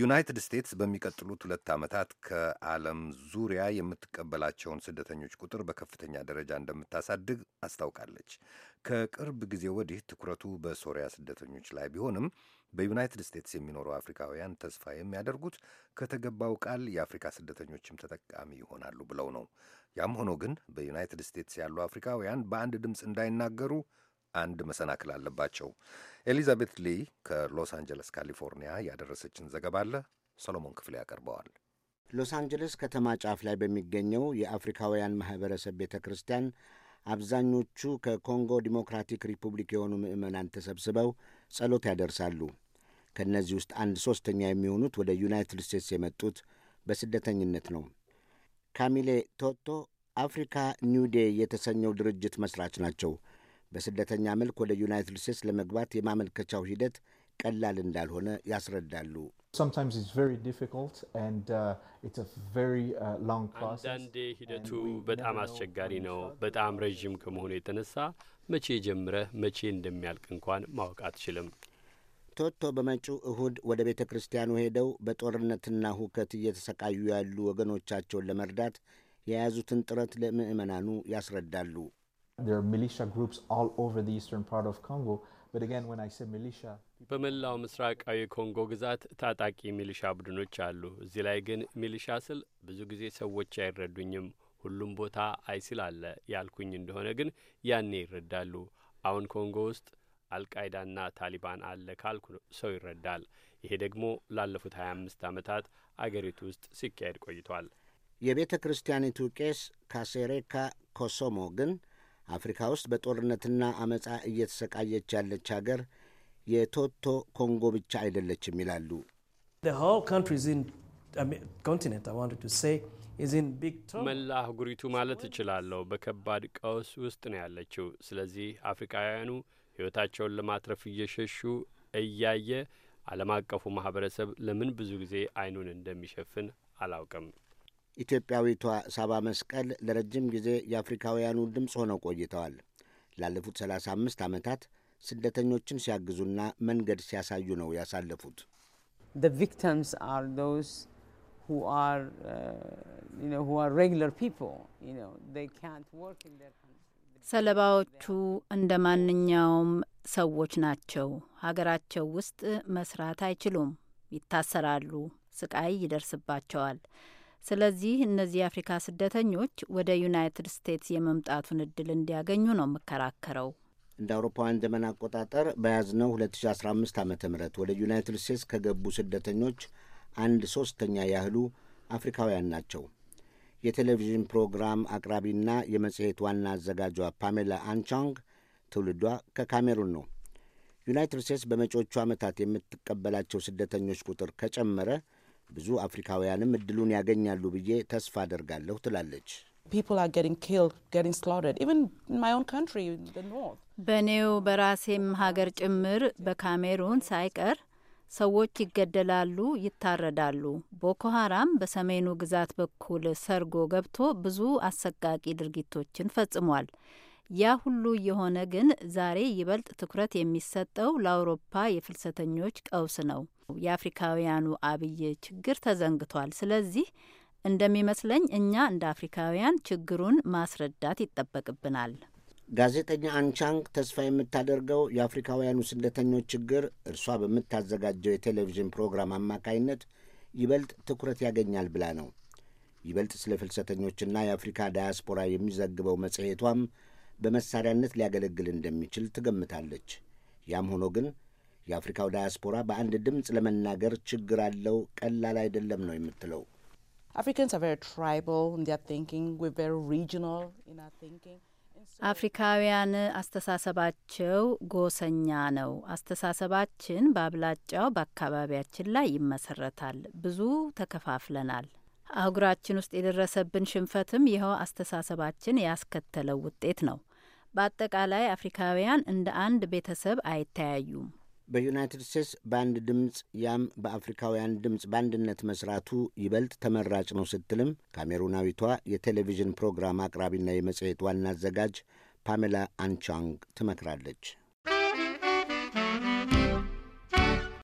ዩናይትድ ስቴትስ በሚቀጥሉት ሁለት ዓመታት ከዓለም ዙሪያ የምትቀበላቸውን ስደተኞች ቁጥር በከፍተኛ ደረጃ እንደምታሳድግ አስታውቃለች። ከቅርብ ጊዜ ወዲህ ትኩረቱ በሶሪያ ስደተኞች ላይ ቢሆንም በዩናይትድ ስቴትስ የሚኖሩ አፍሪካውያን ተስፋ የሚያደርጉት ከተገባው ቃል የአፍሪካ ስደተኞችም ተጠቃሚ ይሆናሉ ብለው ነው። ያም ሆኖ ግን በዩናይትድ ስቴትስ ያሉ አፍሪካውያን በአንድ ድምፅ እንዳይናገሩ አንድ መሰናክል አለባቸው። ኤሊዛቤት ሊ ከሎስ አንጀለስ ካሊፎርኒያ ያደረሰችን ዘገባ አለ ሰሎሞን ክፍሌ ያቀርበዋል። ሎስ አንጀለስ ከተማ ጫፍ ላይ በሚገኘው የአፍሪካውያን ማኅበረሰብ ቤተ ክርስቲያን አብዛኞቹ ከኮንጎ ዲሞክራቲክ ሪፑብሊክ የሆኑ ምዕመናን ተሰብስበው ጸሎት ያደርሳሉ። ከእነዚህ ውስጥ አንድ ሦስተኛ የሚሆኑት ወደ ዩናይትድ ስቴትስ የመጡት በስደተኝነት ነው። ካሚሌ ቶቶ አፍሪካ ኒው ዴይ የተሰኘው ድርጅት መሥራች ናቸው። በስደተኛ መልክ ወደ ዩናይትድ ስቴትስ ለመግባት የማመልከቻው ሂደት ቀላል እንዳልሆነ ያስረዳሉ። uh, uh, አንዳንዴ ሂደቱ በጣም አስቸጋሪ ነው። በጣም ረዥም ከመሆኑ የተነሳ መቼ ጀምረህ መቼ እንደሚያልቅ እንኳን ማወቅ አትችልም። ቶቶ በመጪው እሁድ ወደ ቤተ ክርስቲያኑ ሄደው በጦርነትና ሁከት እየተሰቃዩ ያሉ ወገኖቻቸውን ለመርዳት የያዙትን ጥረት ለምዕመናኑ ያስረዳሉ። There are militia groups all over the eastern part of Congo. But again, when I say militia, በመላው ምስራቃዊ ኮንጎ ግዛት ታጣቂ ሚሊሻ ቡድኖች አሉ። እዚህ ላይ ግን ሚሊሻ ስል ብዙ ጊዜ ሰዎች አይረዱኝም። ሁሉም ቦታ አይሲል አለ ያልኩኝ እንደሆነ ግን ያኔ ይረዳሉ። አሁን ኮንጎ ውስጥ አልቃይዳና ታሊባን አለ ካልኩ ሰው ይረዳል። ይሄ ደግሞ ላለፉት አምስት ዓመታት አገሪቱ ውስጥ ሲካሄድ ቆይቷል። የቤተ ክርስቲያኒቱ ቄስ ካሴሬካ ኮሶሞ ግን አፍሪካ ውስጥ በጦርነትና አመፃ እየተሰቃየች ያለች ሀገር የቶቶ ኮንጎ ብቻ አይደለችም ይላሉ። መላ አህጉሪቱ ማለት እችላለሁ በከባድ ቀውስ ውስጥ ነው ያለችው። ስለዚህ አፍሪካውያኑ ሕይወታቸውን ለማትረፍ እየሸሹ እያየ ዓለም አቀፉ ማህበረሰብ ለምን ብዙ ጊዜ አይኑን እንደሚሸፍን አላውቅም። ኢትዮጵያዊቷ ሳባ መስቀል ለረጅም ጊዜ የአፍሪካውያኑ ድምፅ ሆነው ቆይተዋል። ላለፉት 35 ዓመታት ስደተኞችን ሲያግዙና መንገድ ሲያሳዩ ነው ያሳለፉት። uh, ሰለባዎቹ እንደ ማንኛውም ሰዎች ናቸው። ሀገራቸው ውስጥ መስራት አይችሉም፣ ይታሰራሉ፣ ስቃይ ይደርስባቸዋል። ስለዚህ እነዚህ የአፍሪካ ስደተኞች ወደ ዩናይትድ ስቴትስ የመምጣቱን እድል እንዲያገኙ ነው የምከራከረው። እንደ አውሮፓውያን ዘመን አቆጣጠር በያዝነው 2015 ዓ ም ወደ ዩናይትድ ስቴትስ ከገቡ ስደተኞች አንድ ሶስተኛ ያህሉ አፍሪካውያን ናቸው። የቴሌቪዥን ፕሮግራም አቅራቢና የመጽሔት ዋና አዘጋጇ ፓሜላ አንቻንግ ትውልዷ ከካሜሩን ነው። ዩናይትድ ስቴትስ በመጪዎቹ ዓመታት የምትቀበላቸው ስደተኞች ቁጥር ከጨመረ ብዙ አፍሪካውያንም እድሉን ያገኛሉ ብዬ ተስፋ አደርጋለሁ ትላለች። በኔው በራሴም ሀገር ጭምር በካሜሩን ሳይቀር ሰዎች ይገደላሉ፣ ይታረዳሉ። ቦኮ ሀራም በሰሜኑ ግዛት በኩል ሰርጎ ገብቶ ብዙ አሰቃቂ ድርጊቶችን ፈጽሟል። ያ ሁሉ የሆነ ግን ዛሬ ይበልጥ ትኩረት የሚሰጠው ለአውሮፓ የፍልሰተኞች ቀውስ ነው። የአፍሪካውያኑ አብይ ችግር ተዘንግቷል። ስለዚህ እንደሚመስለኝ እኛ እንደ አፍሪካውያን ችግሩን ማስረዳት ይጠበቅብናል። ጋዜጠኛ አንቻንግ ተስፋ የምታደርገው የአፍሪካውያኑ ስደተኞች ችግር እርሷ በምታዘጋጀው የቴሌቪዥን ፕሮግራም አማካይነት ይበልጥ ትኩረት ያገኛል ብላ ነው። ይበልጥ ስለ ፍልሰተኞችና የአፍሪካ ዳያስፖራ የሚዘግበው መጽሔቷም በመሳሪያነት ሊያገለግል እንደሚችል ትገምታለች። ያም ሆኖ ግን የአፍሪካው ዳያስፖራ በአንድ ድምፅ ለመናገር ችግር አለው፣ ቀላል አይደለም ነው የምትለው። አፍሪካውያን አስተሳሰባቸው ጎሰኛ ነው። አስተሳሰባችን በአብላጫው በአካባቢያችን ላይ ይመሰረታል። ብዙ ተከፋፍለናል። አህጉራችን ውስጥ የደረሰብን ሽንፈትም ይኸው አስተሳሰባችን ያስከተለው ውጤት ነው። በአጠቃላይ አፍሪካውያን እንደ አንድ ቤተሰብ አይተያዩም። በዩናይትድ ስቴትስ በአንድ ድምፅ ያም በአፍሪካውያን ድምፅ በአንድነት መስራቱ ይበልጥ ተመራጭ ነው ስትልም ካሜሩናዊቷ የቴሌቪዥን ፕሮግራም አቅራቢና የመጽሔት ዋና አዘጋጅ ፓሜላ አንቻንግ ትመክራለች።